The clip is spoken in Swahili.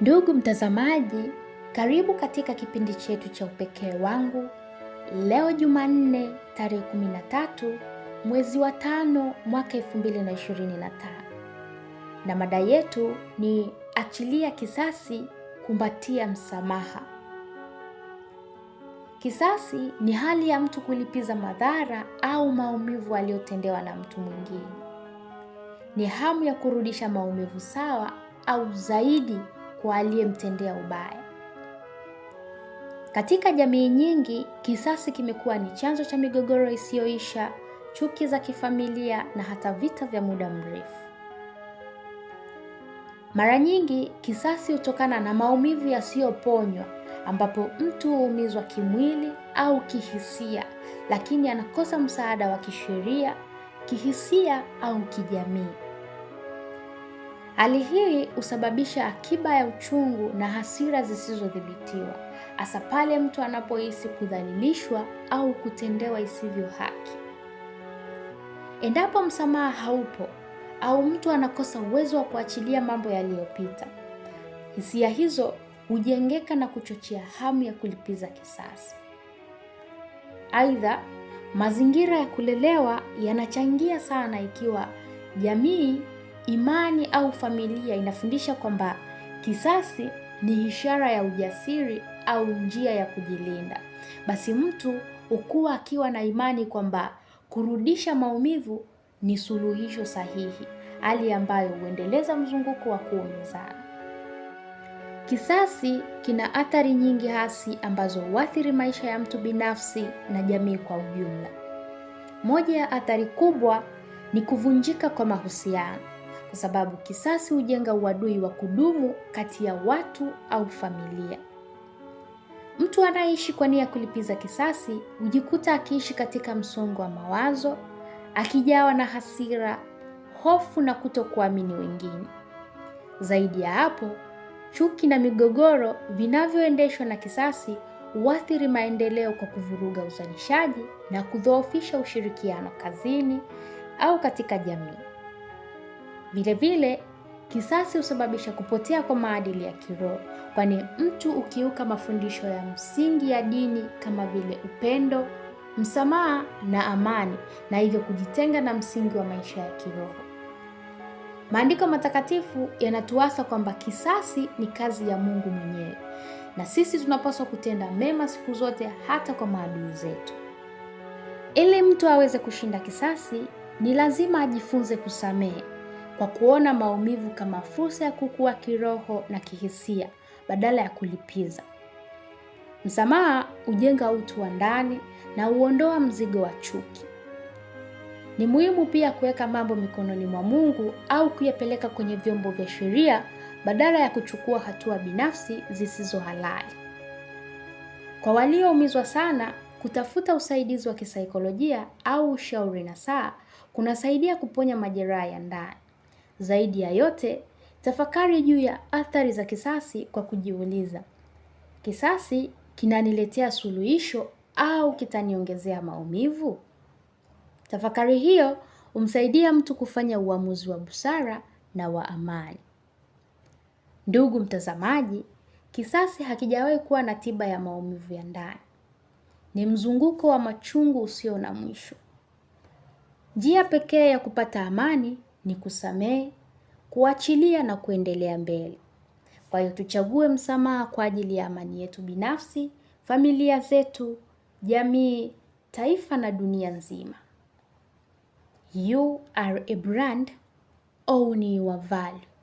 Ndugu mtazamaji, karibu katika kipindi chetu cha Upekee wangu. Leo Jumanne tarehe 13 mwezi wa tano mwaka 2025, na mada yetu ni achilia kisasi, kumbatia msamaha. Kisasi ni hali ya mtu kulipiza madhara au maumivu aliyotendewa na mtu mwingine. Ni hamu ya kurudisha maumivu sawa au zaidi kwa aliyemtendea ubaya. Katika jamii nyingi, kisasi kimekuwa ni chanzo cha migogoro isiyoisha, chuki za kifamilia na hata vita vya muda mrefu. Mara nyingi kisasi hutokana na maumivu yasiyoponywa ambapo mtu huumizwa kimwili au kihisia, lakini anakosa msaada wa kisheria, kihisia au kijamii. Hali hii husababisha akiba ya uchungu na hasira zisizodhibitiwa, hasa pale mtu anapohisi kudhalilishwa au kutendewa isivyo haki. Endapo msamaha haupo au mtu anakosa uwezo wa kuachilia mambo yaliyopita, hisia hizo hujengeka na kuchochea hamu ya kulipiza kisasi. Aidha, mazingira ya kulelewa yanachangia sana ikiwa jamii Imani au familia inafundisha kwamba kisasi ni ishara ya ujasiri au njia ya kujilinda. Basi mtu hukuwa akiwa na imani kwamba kurudisha maumivu ni suluhisho sahihi, hali ambayo huendeleza mzunguko wa kuumizana. Kisasi kina athari nyingi hasi ambazo huathiri maisha ya mtu binafsi na jamii kwa ujumla. Moja ya athari kubwa ni kuvunjika kwa mahusiano kwa sababu kisasi hujenga uadui wa kudumu kati ya watu au familia. Mtu anayeishi kwa nia ya kulipiza kisasi hujikuta akiishi katika msongo wa mawazo, akijawa na hasira, hofu na kutokuamini wengine. Zaidi ya hapo, chuki na migogoro vinavyoendeshwa na kisasi huathiri maendeleo kwa kuvuruga uzalishaji na kudhoofisha ushirikiano kazini au katika jamii. Vilevile, kisasi husababisha kupotea kwa maadili ya kiroho, kwani mtu ukiuka mafundisho ya msingi ya dini kama vile upendo, msamaha na amani, na hivyo kujitenga na msingi wa maisha ya kiroho. Maandiko matakatifu yanatuasa kwamba kisasi ni kazi ya Mungu mwenyewe, na sisi tunapaswa kutenda mema siku zote, hata kwa maadui zetu. Ili mtu aweze kushinda kisasi, ni lazima ajifunze kusamehe kwa kuona maumivu kama fursa ya kukua kiroho na kihisia badala ya kulipiza. Msamaha hujenga utu wa ndani na huondoa mzigo wa chuki. Ni muhimu pia kuweka mambo mikononi mwa Mungu au kuyapeleka kwenye vyombo vya sheria badala ya kuchukua hatua binafsi zisizo halali. Kwa walioumizwa sana, kutafuta usaidizi wa kisaikolojia au ushauri nasaha kunasaidia kuponya majeraha ya ndani. Zaidi ya yote, tafakari juu ya athari za kisasi kwa kujiuliza, kisasi kinaniletea suluhisho au kitaniongezea maumivu? Tafakari hiyo humsaidia mtu kufanya uamuzi wa busara na wa amani. Ndugu mtazamaji, kisasi hakijawahi kuwa na tiba ya maumivu ya ndani. Ni mzunguko wa machungu usio na mwisho. Njia pekee ya kupata amani ni kusamehe, kuachilia na kuendelea mbele. Kwa hiyo tuchague msamaha kwa ajili ya amani yetu binafsi, familia zetu, jamii, taifa na dunia nzima. You are a brand, own your value.